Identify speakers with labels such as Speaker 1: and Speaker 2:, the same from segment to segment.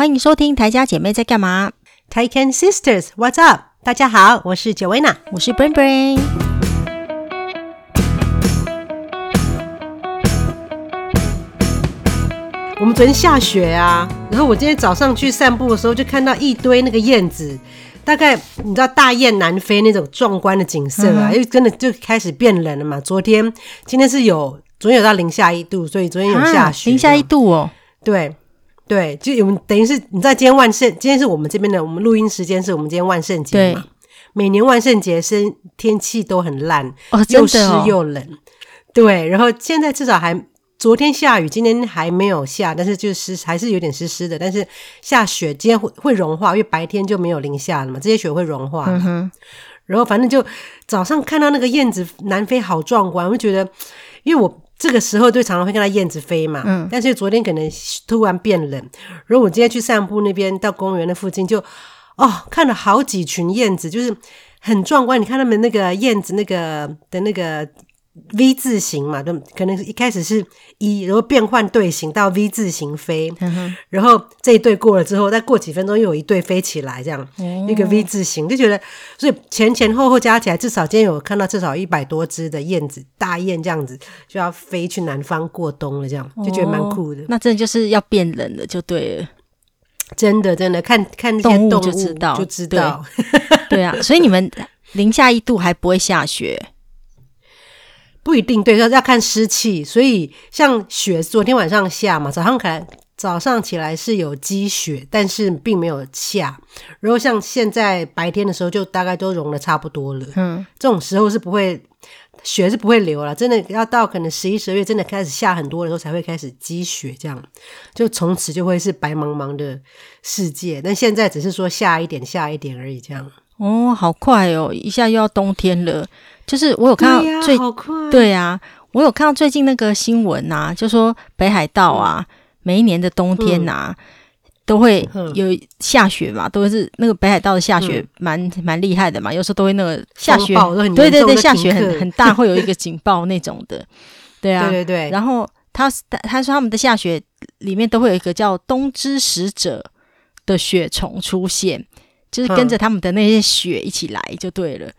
Speaker 1: 歡迎收聽台家姐妹在幹嘛？Taiwan Sisters，What's up？大家好，我是
Speaker 2: 九維娜，我是 Bren Bren。我們昨天下雪啊，然後我今天早上去散步的時候，就看到一堆那個燕子，大概你知道大雁南飛那種壯觀的景色啊，因為、uh huh. 真的就開始變冷了嘛。昨天、今天是有，昨天有到零下一度，所以昨天有下
Speaker 1: 雪，零下一度哦，huh.
Speaker 2: 對。對，就我們等於是你知道今天萬聖，今天是我們這邊的，我們錄音時間是我們今天萬聖節嘛。對每年萬聖節是天氣都很爛，哦、又濕又冷。哦、對，然後現在至少還昨天下雨，今天還沒有下，但是就是還是有點濕濕的。但是下雪，今天會會融化，因為白天就沒有零下了嘛，這些雪會融化。嗯、哼然後反正就早上看到那個燕子南飛好壯觀，我就覺得，因為我。這個時候就常常會看到燕子飛嘛，嗯，但是昨天可能突然變冷，然後我今天去散步那邊到公園的附近就，哦，看了好幾群燕子，就是很壯觀。你看他們那個燕子那個的那個。V 字形嘛，可能一開始是一，然後變換隊形到 V 字形飛，嗯、哼然後這一隊過了之後，再過幾分鐘又有一隊飛起來，這樣、嗯、哼一個 V 字形就覺得，所以前前後後加起來至少今天有看到至少一百多隻的燕子、大雁這樣子就要飛去南方過冬了，這樣就覺得蠻酷的、哦。那真的就是要變冷了，就對了。真的真的，看看那些動物就知道，就知道，
Speaker 1: 對啊。所
Speaker 2: 以你們零下一度還不會下雪。 不一定，對，要看濕氣。所以像雪，昨天晚上下嘛，早上可能早上起來是有積雪，但是並沒有下。然後像現在白天的時候，就大概都融得差不多了。嗯，這種時候是不會雪是不會流了，真的要到可能十一、十二月，真的開始下很多的時候，才會開始積雪這樣，就從此就會是白茫茫的世界。但現在只是說下一點，下一點而已，這樣。
Speaker 1: 哦，好快哦！一下又要冬天了，就是我有看到最對，好快對啊，我有看到最近那個新聞吶、啊，就是、說北海道啊，嗯、每一年的冬天啊，都會有下雪嘛，嗯、都是那個北海道的下雪蠻、嗯、蠻，蠻厲害的嘛，有時候都會那個下雪，對對對，下雪很很大， 很大，會有一個警報那種的，對啊，對對對，然後他他說他們的下雪裡面都會有一個叫冬之使者的雪蟲出現。就是跟着他們的那些雪一起來就對了，嗯、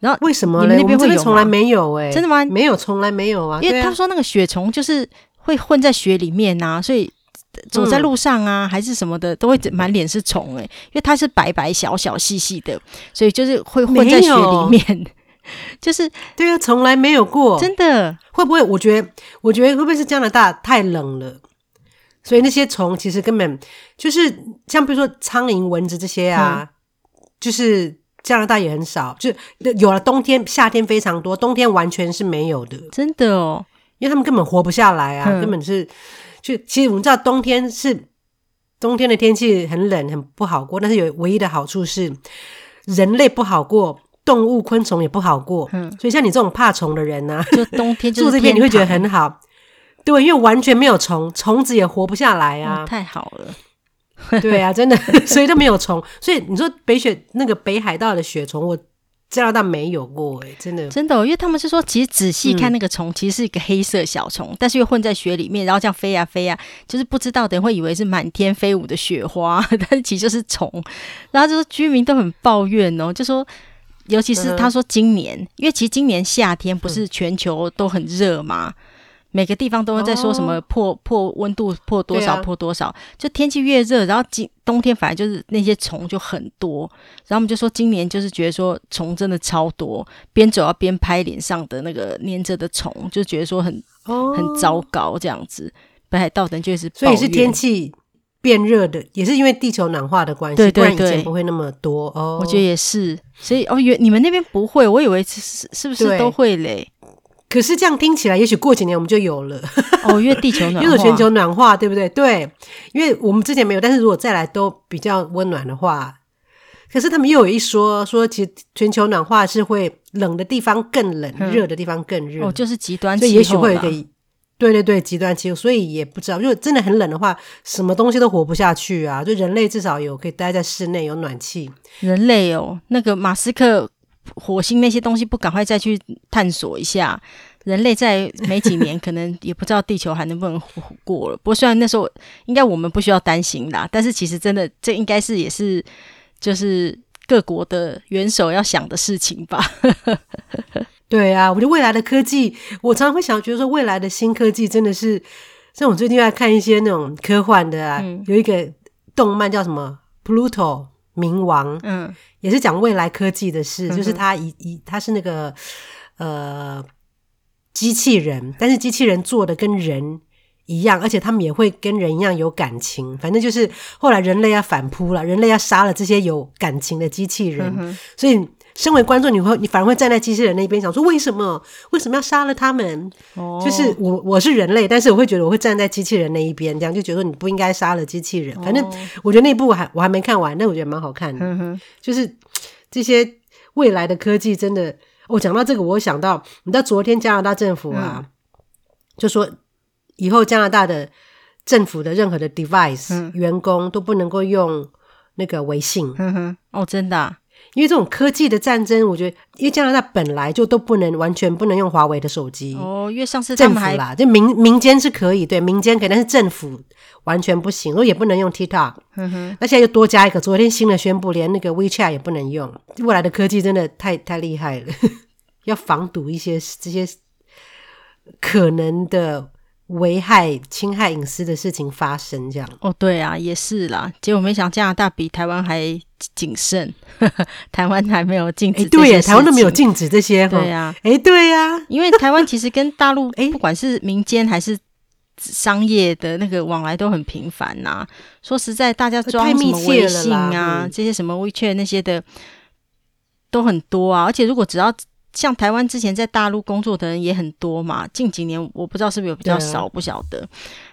Speaker 1: 然後為什麼你們那邊會有？我們從來沒有、欸、真的嗎？沒有，從來沒有啊。因為他說那個雪蟲就是會混在雪裡面啊，啊所以走在路上啊、嗯、還是什麼的都會滿臉是蟲、欸、因為它是白白小小細細的，所以就是會混在雪裡面。
Speaker 2: 有 就是對啊，從來沒有過，真的？會不會？我覺得，我覺得會不會是加拿大太冷了？所以那些蟲其實根本就是像比如說蒼蠅、蚊子這些啊，就是加拿大也很少，就有了冬天，夏天非常多，冬天完全是沒有的，真的哦，因為他們根本活不下來啊，根本是就其實我們知道冬天是冬天的天氣很冷，很不好過，但是有唯一的好處是人類不好過，動物昆蟲也不好過，嗯，所以像你這種怕蟲的人呢，就冬天住這邊你會覺得很好。對，因為完全沒有蟲，蟲子也活不下來啊！嗯、太好了，對啊，真的，所以就沒有蟲。 所以你說北雪那個北海道的雪蟲，我加拿大，大沒有過誒、欸、真的
Speaker 1: 真的、哦，因為他們是說，其實仔細看那個蟲，嗯、其實是一個黑色小蟲，但是又混在雪裡面，然後這樣飛呀、啊、飛呀、啊，就是不知道，等會以為是滿天飛舞的雪花，但其實就是蟲。然後就說居民都很抱怨哦，就說，尤其是他說今年，嗯、因為其實今年夏天不是全球都很熱嘛每個地方都會在說什麼破、oh. 破，破溫度破多少、啊、破多少，就天氣越熱，然後今冬天反而就是那些蟲就很多，然後我們就說今年就是覺得說蟲真的超多，邊走要邊拍臉上的那個粘着的蟲，就覺得說很、oh. 很糟糕這樣子。北海道人就是，所以也是天氣
Speaker 2: 變熱的，也是因為地球暖化的關係，對對，對，不然以前不會那麼多。哦、oh.，我覺得也是，所以哦，原你們那邊不會，我以為是是不是都會嘞？可是這樣聽起來，也許過幾年我們就有了哦，因為地球暖化、又 有全球暖化，對不對？對，因為我們之前沒有，但是如果再來都比較溫暖的話，可是他們又有一說，說其實全球暖化是會冷的地方更冷，嗯、熱的地方更熱，哦，就是極端氣，所以也許會可以，對對對，極端氣候，所以也不知道，如果真的很冷的話，什麼東西都活不下去啊！就人類至少有可以待在室內有暖氣，
Speaker 1: 人類哦，那個馬斯克火星那些東西，不趕快再去探索一下？人類在沒幾年，可能也不知道地球還能不能活過了。 不過雖然那時候應該我們不需要擔心啦，但是其實真的，這應該是也是就是各國的元首要想的事情吧 。
Speaker 2: 對啊，我覺得未來的科技，我常常會想，覺得說未來的新科技真的是，像我最近在看一些那種科幻的，啊，嗯、有一個動漫叫什麼 Pluto 冥王，嗯，也是講未來科技的事，嗯、哼就是它一一它是那個呃。機器人，但是機器人做的跟人一樣，而且他們也會跟人一樣有感情。反正就是後來人類要反撲了，人類要殺了這些有感情的機器人。嗯、哼所以，身為觀眾，你會你反而會站在機器人那一邊，想說為什麼為什麼要殺了他們？哦、就是我我是人類，但是我會覺得我會站在機器人那一邊，這樣就覺得你不應該殺了機器人。反正我覺得那部我還我還沒看完，但我覺得蠻好看的。嗯、哼就是這些未來的科技真的。我講、哦、到這個，我想到你知道，昨天加拿大政府啊，嗯、就說以後加拿大的政府的任何的 device、嗯、員工都不能夠用那個微信。嗯哼，哦，真的、啊，因為這種科技的戰爭，我覺得因為加拿大本來就都不能完全不能用華為的手機。
Speaker 1: 哦，因為上次政府啦，就
Speaker 2: 民民間是可以，對，民間可以，但是政府。完全不行，我也不能用 TikTok，嗯哼，那現在又多加一個，昨天新的宣布，連那個 WeChat 也不能用。未來的科技真的太太厲害了， 要防堵一些這些可能的危害、侵害隱私的事情發生，這樣。哦，對啊，也是啦。
Speaker 1: 結果沒想到加拿大比台灣還謹慎， 台灣還沒有禁止、欸。對呀，台灣都沒有禁止
Speaker 2: 這些，對呀、
Speaker 1: 啊，哎、哦欸，對呀、啊，因為台灣其實跟大陸，誒， 不管是民間還是。商業的那個往來都很頻繁吶、啊。說實在，大家裝微信啊，嗯、這些什麼微 t 那些的都很多啊。而且如果只要像台灣之前在大陸工作的人也很多嘛，近幾年我不知道是不是有比較少，對不曉得。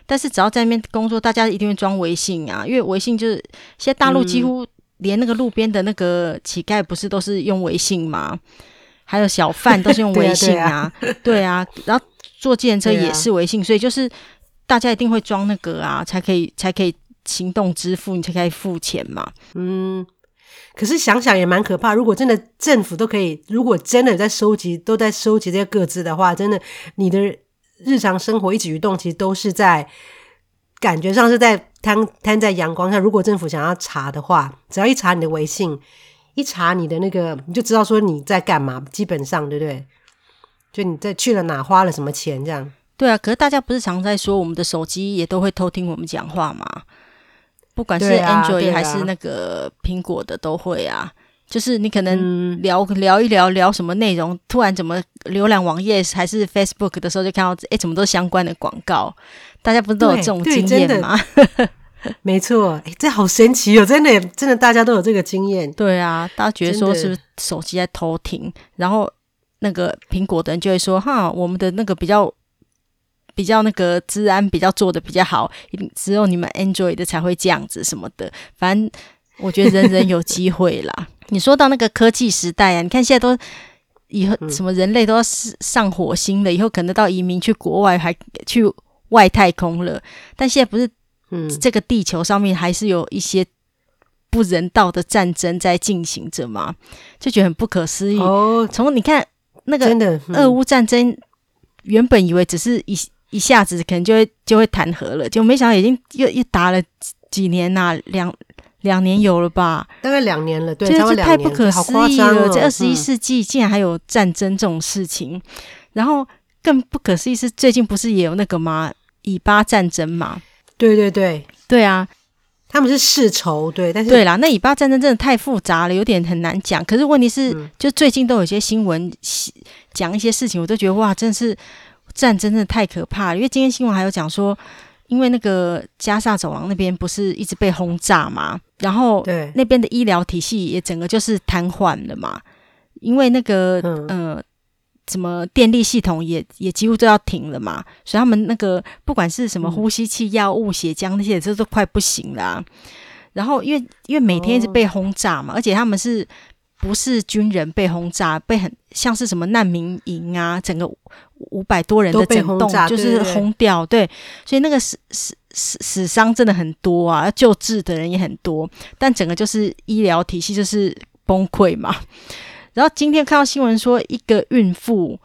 Speaker 1: 但是只要在那邊工作，大家一定會裝微信啊，因為微信就是現在大陸幾乎連那個路邊的那個乞丐不是都是用微信嗎？嗯還有小販都是用微信啊， 對啊對，啊啊、然後坐自行車也是微信，所以就是大家一定會裝那個啊，才可以才可以行動支付，你才
Speaker 2: 可以付錢嘛。嗯，可是想想也蠻可怕，如果真的政府都可以，如果真的在收集都在收集這些個資的話，真的你的日常生活一舉一動其實都是在感覺上是在攤攤在陽光下。如果政府想要查的話，只要一查你的微信。一查你的那個，你就知道說你在幹嘛，基本上對不對？就你在去了哪，花了什麼錢，這樣。對啊，可是大家不是常在說，我們的手機也都會偷聽我們講話嗎？不管是安卓、啊啊、還是那
Speaker 1: 個蘋果的，都會啊。就是你可能聊、嗯、聊一聊聊什麼內容，突然怎麼瀏覽網頁還是 Facebook 的時候，就看到誒，怎麼都相
Speaker 2: 關的廣告？大家不是都有這種經驗嗎？ 沒錯，哎、欸，這好神奇哦、喔！真的，真的，大家都有這個經驗。對啊，大家覺得說是不是手機在偷
Speaker 1: 聽？的然後那個蘋果的人就會說：“哈，我們的那個比較比較那個資安比較做的比較好，一定只有你們 Android 的才會這樣子什麼的。”反正我覺得人人有機會啦。 對你說到那個科技時代啊，你看現在都以後什麼人類都要上火星了，嗯、以後可能到移民去國外，還去外太空了。但現在不是。嗯，這個地球上面還是有一些不人道的戰爭在進行着嘛，就覺得很不可思議。哦，從你看那個真的、嗯、俄烏戰爭，原本以為只是一一下子可能就會就會談和了，就沒想到已經又又打了幾年吶、啊，兩兩年有了吧，
Speaker 2: 大概兩年了，對，真是太不可思議了。這二十一世
Speaker 1: 紀竟然還有戰爭這種事情，嗯、然後更不可思議是最近不是也有那個嗎？以巴戰爭嘛。對對對對啊，
Speaker 2: 他們是世仇，對，但是對啦，
Speaker 1: 那以巴戰爭真的太複雜了，有點很難講。可是問題是，嗯、就最近都有一些新聞講一些事情，我都覺得哇，真的是戰爭真的太可怕了。因為今天新聞還有講說，因為那個加薩走廊那邊不是一直被轟炸嘛，然後對那邊的醫療體系也整個就是癱瘓了嘛，因為那個嗯。呃什麼電力系統也也幾乎都要停了嘛，所以他們那個不管是什麼呼吸器、藥物、血漿那些，這都快不行了啊。然後因為因為每天一直被轟炸嘛，哦，而且他們是不是軍人被轟炸，被很像是什麼難民營啊，整個五百多人的都被轟炸，就是轟掉，對，所以那個死死死死傷真的很多啊，要救治的人也很多，但整個就是醫療體系就是崩潰嘛。然後今天看到新聞說，一個孕婦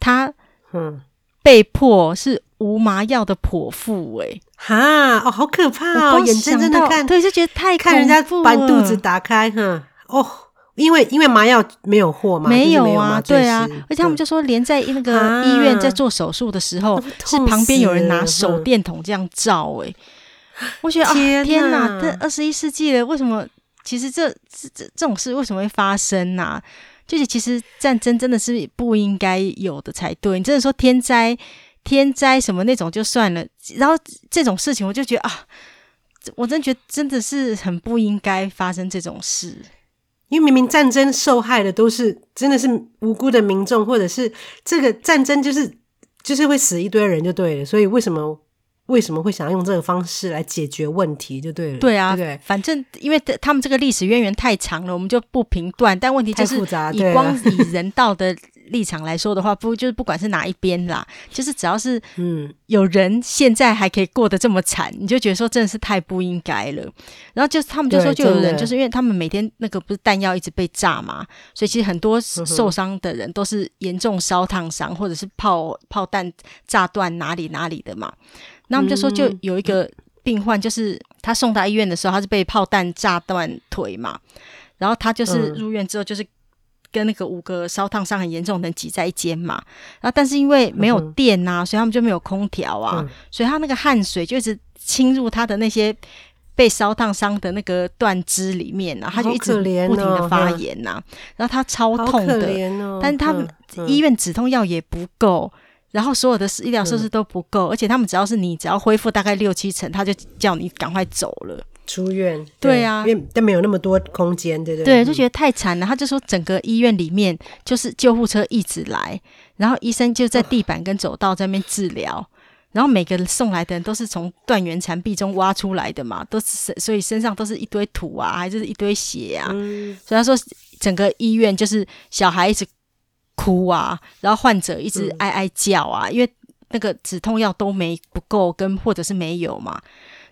Speaker 1: 她嗯被迫是無
Speaker 2: 麻藥的剖腹哎哈哦，好可怕哦！眼睜睜的看，對，就覺得太看人家把你肚子打開哈哦，因為因為麻藥沒有貨嘛，沒有啊，有對啊，對，而且他們就
Speaker 1: 說連在那個醫院在做
Speaker 2: 手術的時候，啊、是旁邊有人拿手
Speaker 1: 電筒這樣照哎、欸，我覺得天哪,、啊、天哪！這二十一世紀了，為什麼？其實這這這,這,這種事為什麼會發生啊？就是其實戰爭真的是不應該有的才對，你真的說天災、天災什麼那種就算了，然後這種事情我就覺得啊，我真覺得真的是
Speaker 2: 很不應該發生這種事，因為明明戰爭受害的都是真的是無辜的民眾，或者是這個戰爭就是就是會死一堆人就對了，所以為什麼？為什麼會想要用這個方式來解決問題？就對了，對啊，對，對，反
Speaker 1: 正因為他們這個歷史淵源太長了，我們就不評斷。但問題就是，以光、啊、以人道的立場來說的話，不就是不管是哪一邊啦，就是只要是嗯有人現在還可以過得這麼慘，嗯、你就覺得說真的是太不應該了。然後就他們就說，就有人就是就因為他們每天那個不是彈藥一直被炸嘛，所以其實很多受傷的人都是嚴重燒燙傷，呵呵或者是炮炮彈炸斷哪裡哪裡的嘛。那我們就說，就有一個病患，就是他送到醫院的時候，他是被炮彈炸斷腿嘛。然後他就是入院之後，就是跟那個五個燒燙傷很嚴重人擠在一間嘛。然後，但是因為沒有電吶、啊，所以他們就沒有空調啊。所以他那個汗水就一直侵入他的那些被燒燙傷的那個斷肢裡面啊，他就一直不停的發炎吶、啊。然後他超痛的，但是他們醫院止痛藥也不夠。然後所有的醫療設施都不夠，嗯、而且他們只要是你只要恢復大概六七成，他就叫你趕快走了，出院。對，對啊，
Speaker 2: 因為，但沒有那麼多空間，對不對？對，就覺得
Speaker 1: 太慘了。嗯、他就說，整個醫院裡面就是救護車一直來，然後醫生就在地板跟走道在那邊治療，啊、然後每個送來的人都是從斷垣殘壁中挖出來的嘛，都是所以身上都是一堆土啊，還是一堆血啊。嗯、所以他說，整個醫院就是小孩一直。哭啊！然後患者一直哀哀叫啊，嗯、因為那個止痛藥都沒不夠，跟或者是沒有嘛，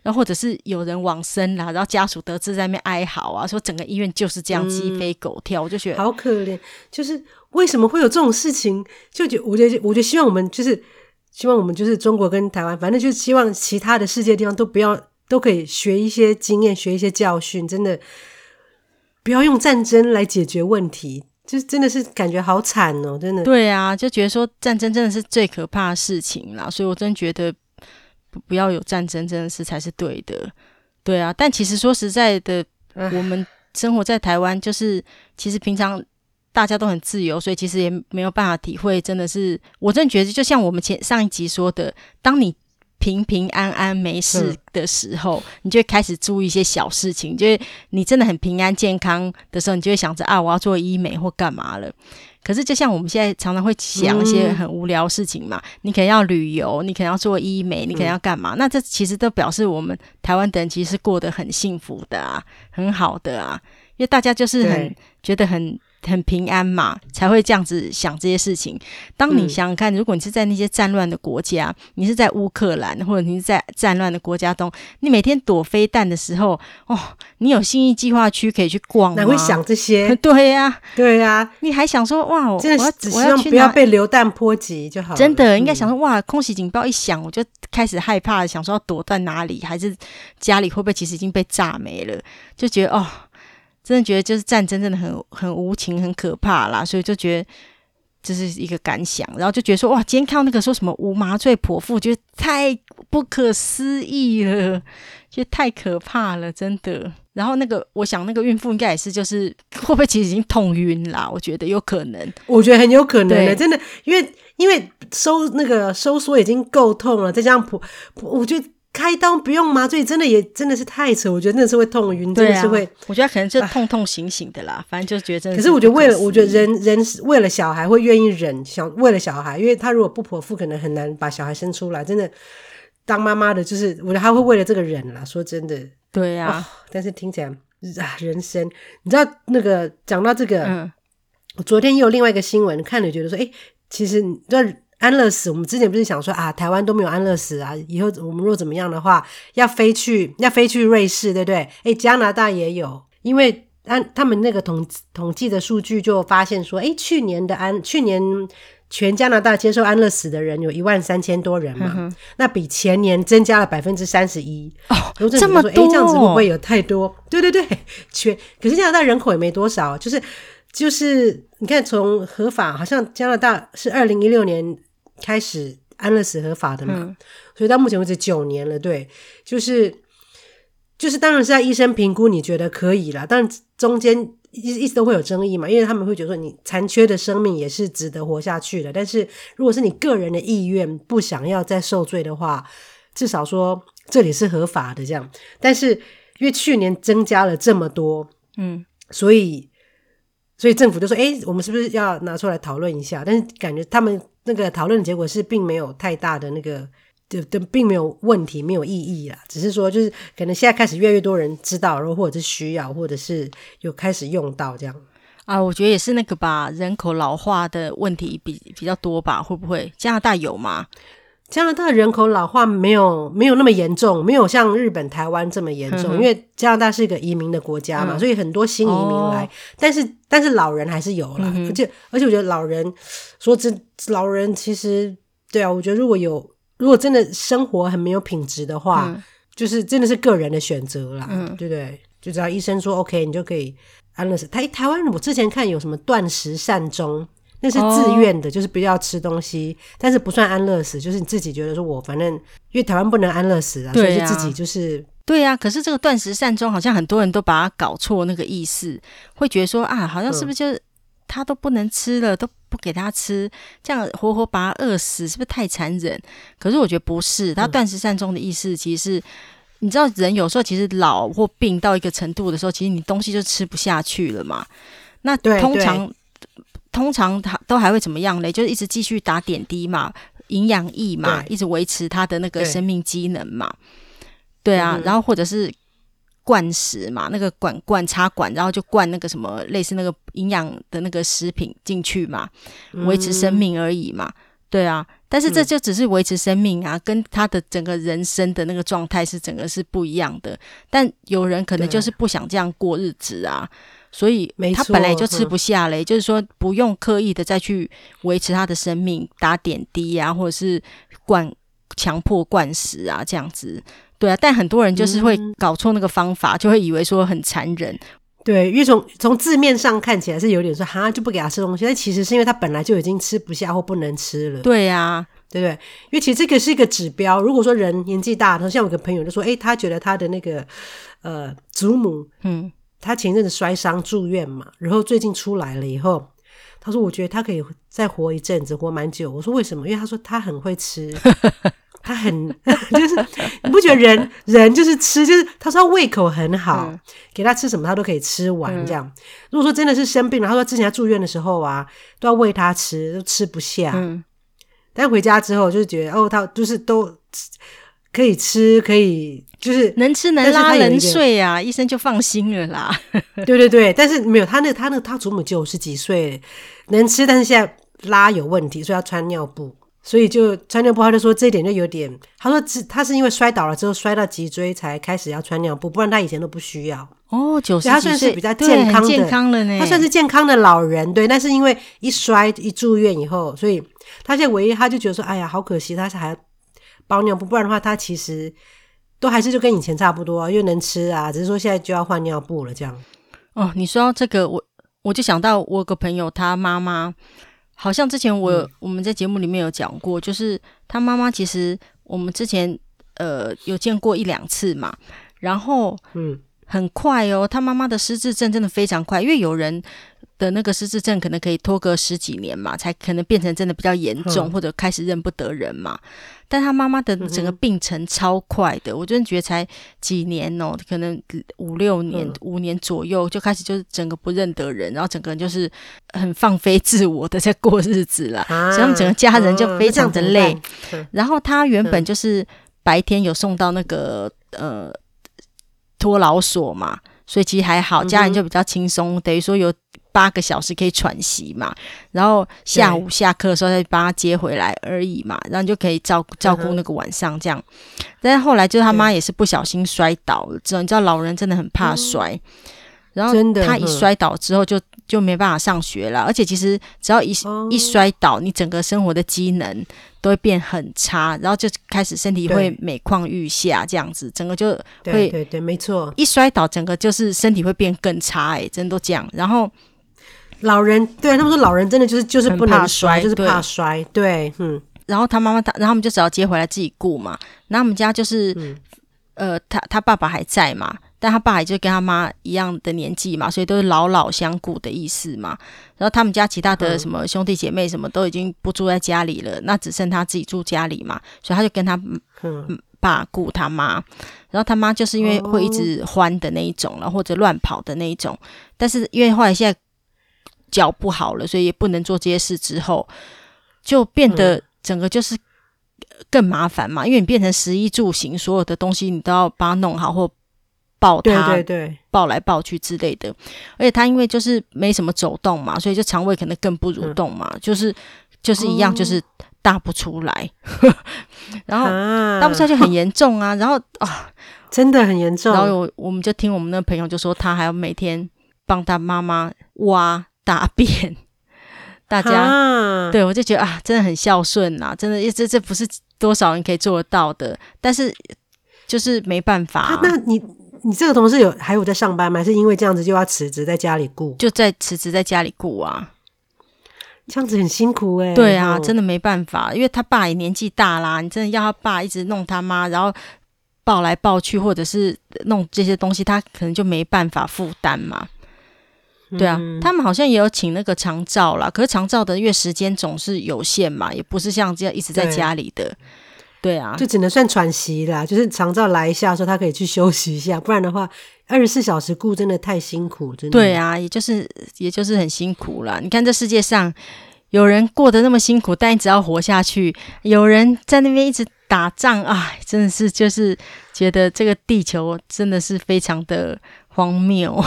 Speaker 1: 然後或者是有人往生了，然後家屬得
Speaker 2: 知在那邊哀嚎啊，說整個醫院就是這樣雞飛狗跳。嗯、我就覺得好可憐，就是為什麼會有這種事情？就覺我覺得，我就希望我們就是希望我們就是中國跟台灣，反正就是希望其他的世界的地方都不要，都可以學一些經驗，學一些教訓，真的不要用戰爭來解決問題。就是真的是感覺好慘哦，真的。對
Speaker 1: 啊，就覺得說戰爭真的是最可怕的事情啦，所以我真的覺得不不要有戰爭，真的是才是對的。對啊，但其實說實在的，唉我們生活在台灣就是，其實平常大家都很自由，所以其實也沒有辦法體會。真的是，我真的覺得，就像我們前上一集說的，當你。平平安安沒事的時候，嗯、你就會開始注意一些小事情。就是你真的很平安健康的時候，你就會想着啊，我要做醫美或幹嘛了。可是就像我們現在常常會想一些很無聊的事情嘛，嗯、你可能要旅遊，你可能要做醫美，你可能要幹嘛？嗯、那這其實都表示我們台灣的人其實是過得很幸福的，啊，很好的啊，因為大家就是很覺得很。很平安嘛，才會這樣子想這些事情。當你想想看，如果你是在那些戰亂的國家，嗯、你是在烏克蘭，或者你是在戰亂的國家中，你每天躲飛彈的時候，哦，你有信義計劃區可以去逛嗎？你會想這些？對呀、嗯，對呀、啊，對啊、你還想說
Speaker 2: 哇，我我只希望不要被流彈波及就好了、嗯。真的應該
Speaker 1: 想說哇，空襲警報一響，我就開始害怕，想說要躲在哪裡，還是家裡會不會其實已經被炸沒了？就覺得哦。真的覺得就是戰爭，真的很很無情，很可怕啦。所以就覺得這是一個感想，然後就覺得說哇，今天看到那個說什麼無麻醉剖腹，覺得太不可思議了，覺得太可怕了，真的。然後那個，我想那個孕婦應該也是，就是會不會其實已經痛暈啦？我覺得有可能，
Speaker 2: 我覺得很有可能的、欸，對真的，因為因為收那個收縮已經夠痛了，再加上剖，我覺得。開刀不用麻醉，真的也真的是太扯，我覺得真的是會痛暈，啊、真的是會，我覺得可能就痛痛醒醒的啦。
Speaker 1: 啊、反正就是覺得是可，可是我覺得為了，我覺得人
Speaker 2: 人為了小孩會願意忍，想為了小孩，因為他如果不剖腹，可能很難把小孩生出來。真的，當媽媽的就是我覺得他會為了這個忍啦。說真的，對呀、啊哦。但是聽起來、啊、人生，你知道那個講到這個，我、嗯、昨天又有另外一個新聞看了，覺得說，哎、欸，其實你知道。安樂死，我們之前不是想說啊，台灣都沒有安樂死啊，以後我們若怎麼樣的話，要飛去，要飛去瑞士，對不對？哎，加拿大也有，因為按他們那個統統計的數據就發現說，哎，去年的安，去年全加拿大接受安樂死的人有一萬三千多人嘛，嗯哼，那比前年增加了百分之三十一。哦，說這麼多，哎，這樣子會不會有太多，對對對，全，可是加拿大人口也沒多少，就是就是，你看從合法，好像加拿大是二零一六年。開始安樂死合法的嘛，嗯、所以到目前為止九年了，對，就是就是，當然是在醫生評估，你覺得可以了，但中間一直一直都會有爭議嘛，因為他們會覺得說你殘缺的生命也是值得活下去的，但是如果是你個人的意願，不想要再受罪的話，至少說這裡是合法的這樣，但是因為去年增加了這麼多，嗯，所以所以政府就說，誒、欸，我們是不是要拿出來討論一下？但是感覺他們。那個討論的結果是，並沒有太大的那個，就就並沒有問題，沒有意義啊。只是說，就是可能現在開始越來越多人知道，然後或者是需要，或者是有開始用到這樣。
Speaker 1: 啊，我覺得也是那個吧，人口老
Speaker 2: 化的問題比比較多吧？會不會？加拿大有嗎？加拿大的人口老化沒有沒有那麼嚴重，沒有像日本、台灣這麼嚴重，嗯、哼因為加拿大是一個移民的國家嘛，嗯、所以很多新移民來，哦、但是但是老人還是有啦。嗯、哼而且而且我覺得老人說真，老人其實對啊，我覺得如果有如果真的生活很沒有品質的話，嗯、就是真的是個人的選擇啦，嗯、哼對不對？就只要醫生說 OK，你就可以安樂死。他，台灣，我之前看有什麼斷食善終。那是自願的，oh, 就是不要吃東西，但是不算安樂死，就是你自己覺得說，我反正因為台灣不能安樂死啊，啊所以就自己就是對啊。可是這個斷食善終好像很多人
Speaker 1: 都把它搞錯，那個意思會覺得說啊，好像是不是就是他都不能吃了，嗯、都不給他吃，這樣活活把他餓死，是不是太殘忍？可是我覺得不是，他斷食善終的意思，其實是、嗯、你知道，人有時候其實老或病到一個程度的時候，其實你東西就吃不下去了嘛。那通常對。通常他都還會怎麼樣嘞？就是一直繼續打點滴嘛，營養液嘛，對、一直維持他的那個生命機能嘛。對，對啊，然後或者是灌食嘛，那個管灌插管，然後就灌那個什麼類似那個營養的那個食品進去嘛，嗯、維持生命而已嘛。對啊，但是這就只是維持生命啊，嗯、跟他的整個人生的那個狀態是整個是不一樣的。但有人可能就是不想這樣過日子啊。所以他本來就吃不下了，嗯、就是說不用刻意的再去維持他的生命，打點滴啊，或者是灌強迫灌食啊，這樣子，對啊。但很多人就是會搞錯那個方法，嗯、就會以為說
Speaker 2: 很殘忍，對。因為從從字面上看起來是有點說哈就不給他吃東西，但其實是因為他本來就已經吃不下或不能吃了，對呀、啊，對不對，對？因為其實這個是一個指標。如果說人年紀大，像我一個朋友就說，誒、欸，他覺得他的那個呃祖母，嗯。他前一陣子摔傷住院嘛，然後最近出來了以後，他說：“我覺得他可以再活一陣子，活蠻久。”我說：“為什麼？”因為他說他很會吃， 他很就是你不覺得人 人就是吃，就是他說他胃口很好，嗯、給他吃什麼他都可以吃完。這樣，嗯、如果說真的是生病了，然後他說之前住院的時候啊，都要餵他吃，都吃不下。嗯、但回家之後就是覺得哦，他就是都可以吃，可以。就是能吃能拉能睡啊，醫生就放心了啦。 對對對，但是沒有他那他那他祖母九十幾歲，能吃，但是現在拉有問題，所以要穿尿布，所以就穿尿布。他就說，這一點就有點，他說是他是因為摔倒了之後摔到脊椎才開始要穿尿布，不然他以前都不需要。哦，九十他算是比較健康的健康呢，他算是健康的老人。對，但是因為一摔一住院以後，所以他現在唯一他就覺得說，哎呀，好可惜，他是還要包尿布，不然的話他其實。都還是就跟以前差不多，又能吃啊，只是說現在就要換尿布了這樣。哦，你說到這個，我我就想到我有個朋友，他媽媽
Speaker 1: 好像之前我、嗯、我們在節目裡面有講過，就是他媽媽其實我們之前呃有見過一兩次嘛，然後嗯很快哦，他媽媽的失智症真的非常快，因為有人。的那個失智症可能可以拖個十幾年嘛，才可能變成真的比較嚴重，嗯、或者開始認不得人嘛。但他媽媽的整個病程超快的，嗯、哼我真的覺得才幾年哦、喔，可能五六年、五、嗯、五年左右就開始就是整個不認得人，然後整個人就是很放飛自我的在過日子了，啊、所以他們整個家人就非常的累。然後他原本就是白天有送到那個呃托老所嘛，所以其實還好，嗯、哼家人就比較輕鬆，等於說有。八個小時可以喘息嘛，然後下午下課的時候再把他接回來而已嘛，對然後你就可以照照顧那個晚上這樣。嗯、哼但是後來就是他媽也是不小心摔倒了，對只道你知道老人真的很怕摔，嗯、然後她他一摔倒之後就、嗯、後之後就，就沒辦法上學了，而且其實只要一、嗯、一摔倒，你整個生活的機能都會變很差，然後就開始身體會每況愈下這樣子，對整個就會對對，對沒錯，一摔倒整個就是身體會變更差。哎、欸，真的都這樣，然後。老
Speaker 2: 人對、啊，他們說：“老人真的就是就是不怕摔，就是怕
Speaker 1: 摔。對”對，嗯。然後他媽媽他，他然後我們就只好接回來自己顧嘛。然後我們家就是，嗯、呃，他他爸爸還在嘛，但他爸還就跟他媽一樣的年紀嘛，所以都是老老相顧的意思嘛。然後他們家其他的什麼兄弟姐妹什麼都已經不住在家裡了，嗯、那只剩他自己住家裡嘛，所以他就跟他、嗯嗯、爸顧他媽。然後他媽就是因為會一直歡的那一種了，哦、或者亂跑的那一種，但是因為後來現在。腳不好了，所以也不能做這些事，之後就變得整個就是更麻煩嘛。嗯、因為你變成食衣住行，所有的東西你都要把它弄好，或抱他，對對抱來抱去之類的。對對對，而且他因為就是沒什麼走動嘛，所以就腸胃可能更不蠕動嘛，嗯、就是就是一樣，就是大不出來。嗯、 然後、啊、大不出來就很嚴重啊。哼然後啊，真的很嚴重。然後我我們就聽我們那個朋友就說，他還要每天幫他媽媽挖。答辯，打大家。哈對，我就覺得啊，真的很孝順吶、啊，真的，這這這不是多少人可以做得到
Speaker 2: 的，但是就是沒辦法、啊啊。那你你這個同事有還有在上班嗎？是因為這樣子就要辭職，在家裡顧，就在辭職，在家裡顧啊，
Speaker 1: 這
Speaker 2: 樣子很辛苦
Speaker 1: 哎、欸。對啊，嗯、真的沒辦法，因為他爸也年紀大啦，你真的要他爸一直弄他媽，然後抱來抱去，或者是弄這些東西，他可能就沒辦法負擔嘛。對啊，嗯，他們好像也有請那個長照啦。可是長照的月時間總是有限嘛，也不是像這樣一直在家裡的。對，對啊，就只
Speaker 2: 能算喘息啦，就是長照來一下，說他可以去休息一下，不然的話二十四小時顧真的太辛苦，真的。對啊，
Speaker 1: 也就是，也就是很辛苦啦。你看這世界上有人過得那麼辛苦，但你只要活下去，有人在那邊一直打仗啊，真的是就是覺得這個地球真的是非常的。荒謬！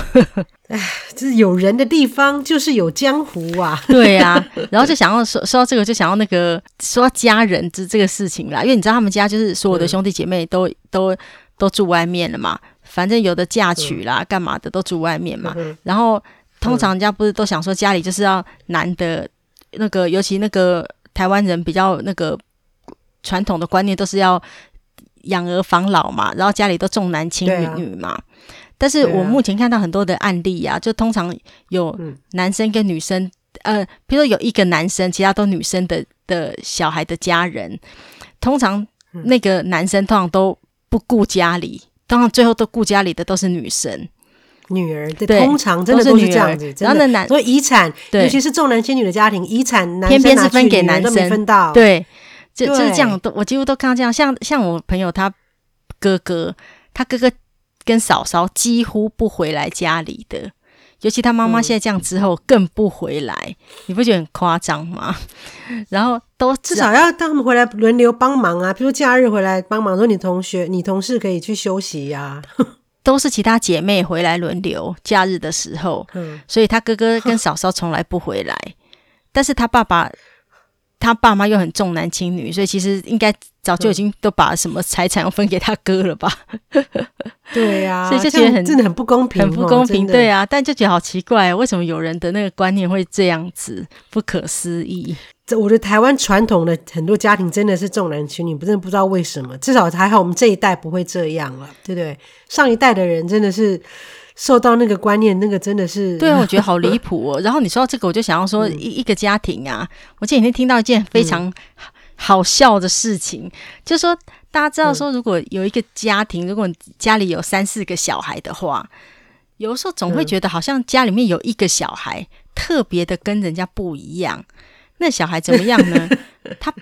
Speaker 1: 哎，就
Speaker 2: 是有人的地方，就是有江湖啊。對呀，
Speaker 1: 然後就想要說，說到這個，就想要那個說到家人這這個事情啦。因為你知道他們家就是所有的兄弟姐妹都都都住外面了嘛，反正有的嫁娶啦、幹嘛的都住外面嘛。然後通常人家不是都想說家裡就是要男的，那個尤其那個台灣人比較那個傳統的觀念都是要養兒防老嘛，然後家裡都重男輕女嘛。但是我目前看到很多的案例呀、啊，啊、就通常有男生跟女生，嗯、呃，比如說有一個男生，其他都女生的的小孩的家人，通常那個男生通常都不顧家裡，嗯、通常最後都顧家裡的都是女生，女
Speaker 2: 兒對，對通常真的都是這樣子。然後那男所以遺產，對尤其是重男輕女的家庭，遺產偏偏是分給男生都沒分到，對，就，對就是這樣。都我幾乎都看到這樣，像像
Speaker 1: 我朋友他哥哥，他哥哥。跟嫂嫂幾乎不回來家裡的，尤其他媽媽現在這樣之後更不回來，嗯、你不覺得很誇張嗎？
Speaker 2: 然後都至少要他們回來輪流幫忙啊，比如假日回來幫忙，說你同學、你同事可以去休息呀、啊， 都是其他姐妹回來輪
Speaker 1: 流，假日的時候，嗯，所以他哥哥跟嫂嫂從來不回來，嗯、但是他爸爸。他爸媽又很重男輕女，所以其實應該早就已經都把什麼財產要分給他哥了吧？
Speaker 2: 對啊，所以這些真的很不公平哦，很不公平，的對啊。但就覺得好奇怪，為什麼有人的那個觀念會這樣子？不可思議。這，我覺得台灣傳統的很多家庭真的是重男輕女，不，真的不知道為什麼。至少還好，我們這一代不會這樣了，對不對，對？上一代的人真的是。受到那個觀念，那個真的是，對啊，我覺得好離
Speaker 1: 譜哦。 然後你說到這個，我就想要說、嗯、一一個家庭啊，我前幾天聽到一件非常好笑的事情，嗯、就是說大家知道說，如果有一個家庭，如果你家裡有三四個小孩的話，有的時候總會覺得好像家裡面有一個小孩、嗯、特別的跟人家不一樣。那小孩怎麼樣呢？ 他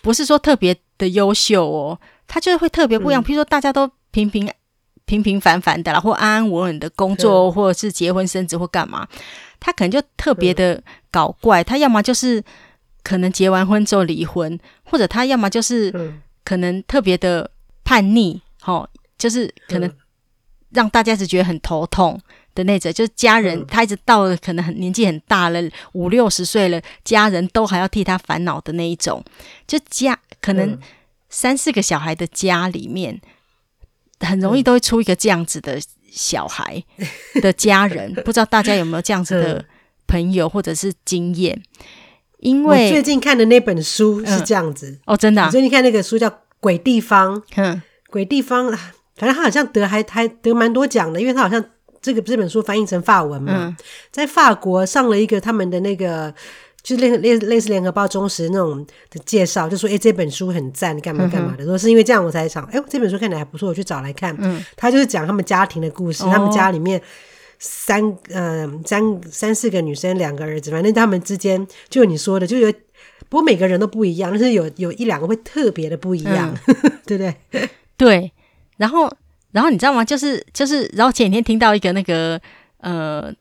Speaker 1: 不是說特別的優秀哦，他就是會特別不一樣。嗯、比如說大家都平平。平平凡凡的啦，或安安穩穩的工作，對或者是結婚生子或幹嘛，他可能就特別的搞怪。對他要麼就是可能結完婚之後離婚，或者他要麼就是可能特別的叛逆，齁對、哦，就是可能讓大家只覺得很頭痛的那種。對就是家人，對他一直到了可能很年紀很大了，對五六十歲了，家人都還要替他煩惱的那一種。就家可能三四個小孩的家裡面，很容易都會出一個這樣子的小孩的家人， 不知道大家有沒有這樣子的朋友或者是經驗？
Speaker 2: 因為我最近看的那本書是這樣子、嗯、哦，真的、啊，我最近看那個書叫《鬼地方》，嗯、《鬼地方》。反正他好像得還還得蠻多獎的，因為他好像這個這本書翻譯成法文嘛，嗯、在法國上了一個他們的那個。就是類那類似聯合報中時那種的介紹，就說誒、欸、這本書很讚，幹嘛幹嘛的，說、嗯、哼是因為這樣我才想，誒、欸，這本書看起來還不錯，我去找來看。嗯，他就是講他們家庭的故事，嗯、他們家裡面三呃三三四個女生，兩個兒子，反正他們之間就你說的，就有不過每個人都不一樣，但、就是有有一兩個會特別的不一樣，嗯、呵呵對不對，
Speaker 1: 對？對。然後然後你知道嗎？就是就是，然後前幾天聽到一個那個呃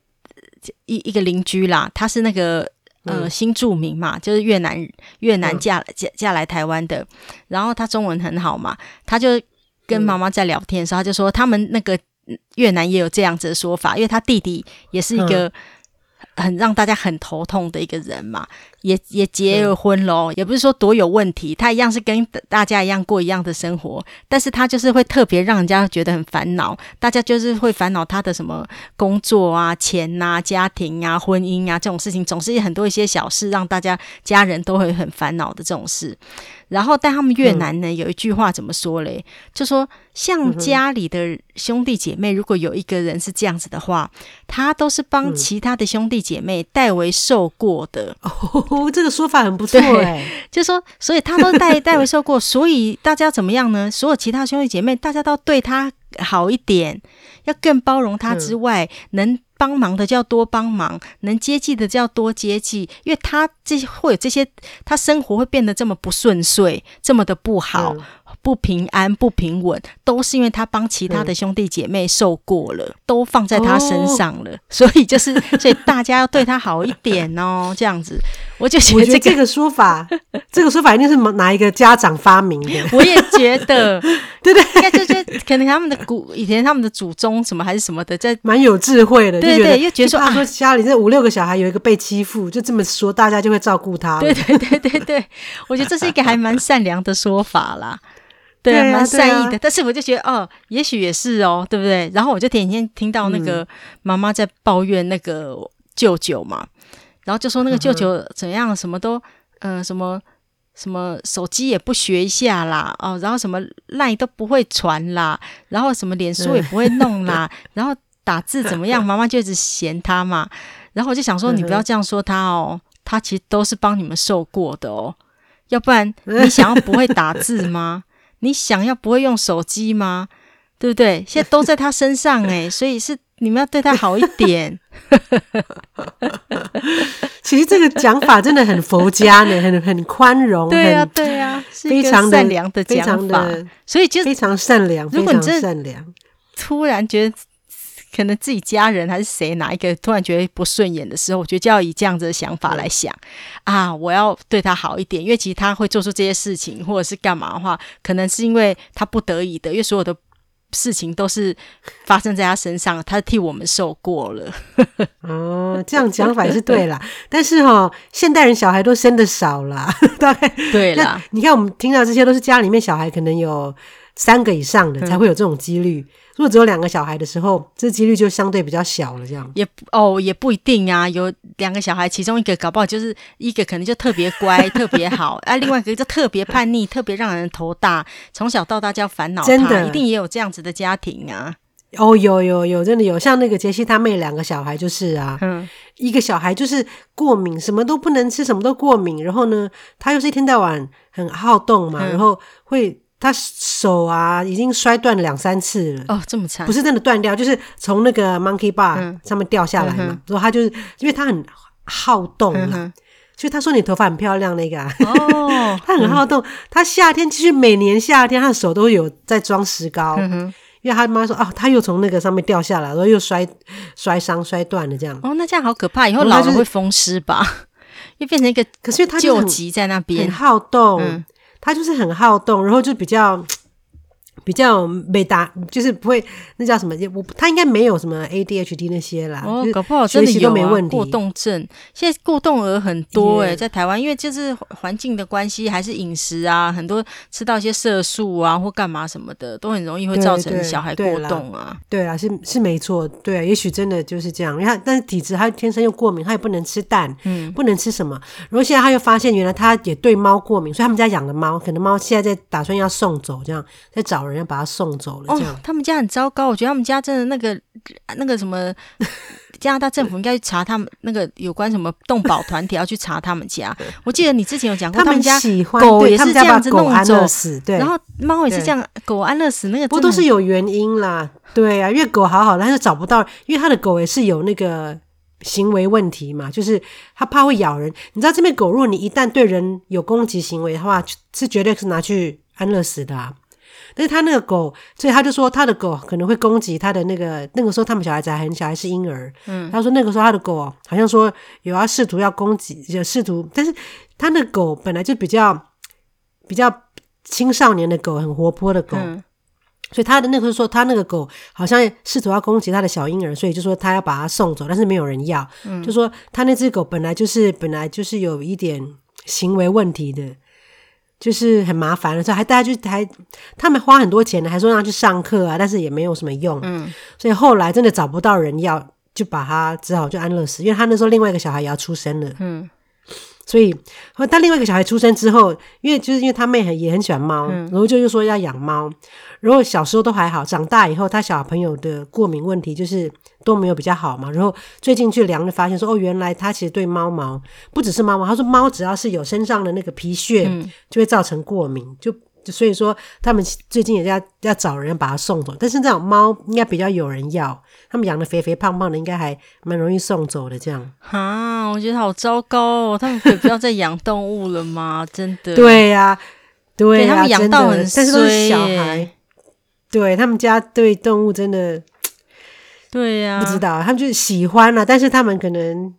Speaker 1: 一一個鄰居啦，他是那個。嗯、呃，新住民嘛，就是越南越南嫁、嗯、嫁嫁來台灣的，然後他中文很好嘛，他就跟媽媽在聊天的時候，嗯、他就說他們那個越南也有這樣子的說法，因為他弟弟也是一個。嗯很讓大家很頭痛的一個人嘛，也也結了婚嘍，對也不是說多有問題，他一樣是跟大家一樣過一樣的生活，但是他就是會特別讓人家覺得很煩惱，大家就是會煩惱他的什麼工作啊、錢啊、家庭啊、婚姻啊這種事情，總是有很多一些小事讓大家家人都會很煩惱的這種事。然後，但他們越南呢、嗯、有一句話怎麼說嘞？就說像家裡的兄弟姐妹，嗯、哼如果有一個人是這樣子的話，他都是幫其他的兄弟姐妹、嗯。姐妹姐妹代為受過的，哦，這個說法很不錯，就就說，所以他都代代為受過， 所以大家怎麼樣呢？所有其他兄弟姐妹，大家都對他好一點，要更包容他之外，嗯、能幫忙的就要多幫忙，能接濟的就要多接濟，因為他這些會有這些，他生活會變得這麼不順遂，這麼的不好。嗯不平安、不平穩，都是因為他幫其他的兄弟姐妹受過了，嗯、都放在他身上了。哦、所以就是，所以大家要對他好一點哦。 這樣子，我就覺得這個，我覺得這
Speaker 2: 個說法， 這個說法一定是哪哪一個家長發明的。我也覺得， 對對，對？應該就是可能他們的古以前他們的祖宗什麼還是什麼的，在蠻有智慧的，對，對對，又覺得說，啊，說家裡這五六個小孩有一個被欺負，就這麼說， 大家就會照顧他。對對對對對，我覺得這是一個還蠻善良的說法啦。對，蠻善意的。啊啊、
Speaker 1: 但是我就覺得，哦，也許也是哦，對不對？然後我就天天聽到那個媽媽在抱怨那個舅舅嘛，嗯、然後就說那個舅舅怎樣，嗯、哼什麼都，嗯、呃，什麼什麼手機也不學一下啦，哦，然後什麼 LINE 都不會傳啦，然後什麼臉書也不會弄啦，嗯、然後打字怎麼樣？媽媽就一直嫌他嘛。然後我就想說，你不要這樣說他哦，嗯、哼他其實都是幫你們受過的哦，要不然你想要不會打字嗎？嗯你想要不會用手機嗎？對不對？現在都在他身上哎、欸， 所以是你們要對他
Speaker 2: 好一點。 其實這個講法真的很佛家呢，很很寬容。對啊，對啊，對啊，非常善良的講法，所以就是非常善良，非常善良。如果你真的善良，
Speaker 1: 突然覺得。可能自己家人還是誰哪一個突然覺得不順眼的時候，我覺得就要以這樣子的想法來想啊，我要對他好一點，因為其實他會做出這些事情或者是幹嘛的話，可能是因為他不得已的，因為所有的事情都是發生在他身上，他替我們受過
Speaker 2: 了。 哦，這樣講法也是對啦， 但是哈、哦，現代人小孩都生得少啦，對對啦，你看我們聽到這些都是家裡面小孩可能有三個以上的、嗯、才會有這種幾率。如果只有兩個小孩的時候，這幾率就相對比較小了。這樣
Speaker 1: 也哦，也不一定啊。有兩個小孩，其中一個搞不好就是一個可能就特別乖、 特別好，啊，另外一個就特別叛逆、特別讓人頭大，從小到大就要煩惱。真的，一定也有這樣子的家庭啊。
Speaker 2: 哦，有有有，真的有。像那個杰西他妹兩個小孩就是啊，嗯、一個小孩就是過敏，什麼都不能吃，什麼都過敏。然後呢，他又是一天到晚很好動嘛，嗯、然後會。他手啊，已經摔斷兩三次了。哦，這麼慘。不是真的斷掉，就是從那個 monkey bar 上面掉下來嘛。然後他就是，因為他很好動嘛，嗯、哼所以他說你頭髮很漂亮那個、啊。哦，他很好動。他、嗯、夏天其實每年夏天他的手都有在裝石膏，嗯、哼因為他媽說啊，他、哦、又從那個上面掉下來，然後又摔摔傷、摔斷了這樣。哦，那這樣好可怕！以後老了會風濕吧？又、就是、變成一個，可是他救急在那邊，很好動。嗯他就是很好動，然後就比較。比較沒打，就是不會那叫什麼？我他應該沒有什麼 ADHD 那些啦。哦，搞不好真的有啊，都沒問題。過動症現在過動兒很多哎、欸，Yeah. 在台
Speaker 1: 灣，因為就是環境的關係，還是飲食啊，很多吃到一些色素啊，或幹嘛什麼的，都很容易會造成小孩過動
Speaker 2: 啊。對啊，是是沒錯，對，也許真的就是這樣。因為他但是體質他天生又過敏，他也不能吃蛋，嗯，不能吃什麼。然後現在他又發現，原來他也對貓過敏，所以他們家養的貓，可能貓現在在打算要送走，這樣在找。人家把他送走了，oh, 他們家很糟糕。我覺得他們家真的那個那個什麼，
Speaker 1: 加拿大政府應該去查他們那個，有關什麼動保團體要去查他們家。 我記得你之前有講過，他們家狗也是這樣子弄走，對。安樂死對，然後
Speaker 2: 貓也是這樣，對狗安樂死那個，不過都是有原因啦。對啊，因為狗好好但是找不到，因為他的狗也是有那個行為問題嘛，就是他怕會咬人。你知道這邊狗，如果你一旦對人有攻擊行為的話，是絕對是拿去安樂死的啊。但是他那個狗，所以他就說他的狗可能會攻擊他的那個。那個時候他們小孩子還很小，還是嬰兒。嗯，他說那個時候他的狗好像說有要試圖要攻擊，有試圖。但是他那個狗本來就比較比較青少年的狗，很活潑的狗，嗯，所以他的那個時候說他那個狗好像試圖要攻擊他的小嬰兒，所以就說他要把它送走，但是沒有人要。嗯，就說他那只狗本來就是本來就是有一點行為問題的。就是很麻煩的，所以大家就還帶他去，還他們花很多錢，還說讓他去上課啊，但是也沒有什麼用。嗯，所以後來真的找不到人要，就把他只好就安樂死，因為他那時候另外一個小孩也要出生了。嗯。所以，但另外一個小孩出生之後，因為就是因為他妹很也很喜歡貓，嗯、然後就就說要養貓。然後小時候都還好，長大以後他小朋友的過敏問題就是都沒有比較好嘛。然後最近去量的發現說，哦，原來他其實對貓毛不只是貓毛，他說貓只要是有身上的那個皮屑，就會造成過敏，嗯、就。就所以說，他們最近也在要，要找人把它送走，但是這種貓應該比較有人要，他們養的肥肥胖胖的，應該還蠻容易送走的。這樣
Speaker 1: 啊，我覺得好糟糕哦、喔！他們可以不要再養動物了嗎？真的？ 對呀、啊，對，
Speaker 2: 啊、對，他們養、欸、但是都是小孩，對他們家對動物真的，對呀、啊，不知道、啊、他們就是喜歡了、啊，但是他們可能。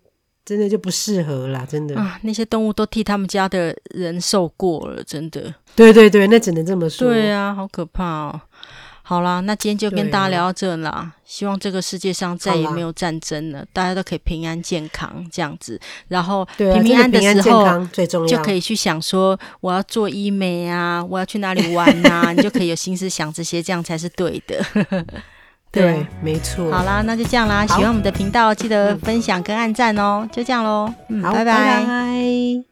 Speaker 2: 真的就不適合啦，真的啊！那些動物都
Speaker 1: 替他們家的人受過了，真的。
Speaker 2: 對對對，那只能這麼說。對
Speaker 1: 啊，好可怕哦、喔！好啦，那今天就跟大家聊到這啦。啊、希望這個世界上再也沒有戰爭了，啦大家都可以平安健康這樣子。然後，平平安的時候，就可以去想說我要做醫美啊，我要去哪裡玩啊， 你就可以有心思想這些，這樣才是對的。
Speaker 2: 對,對，沒錯。好啦，那就
Speaker 1: 這樣啦。好喜歡我們的頻道，記得分享跟按讚哦。嗯、就這樣嘍，嗯，好拜拜。拜拜。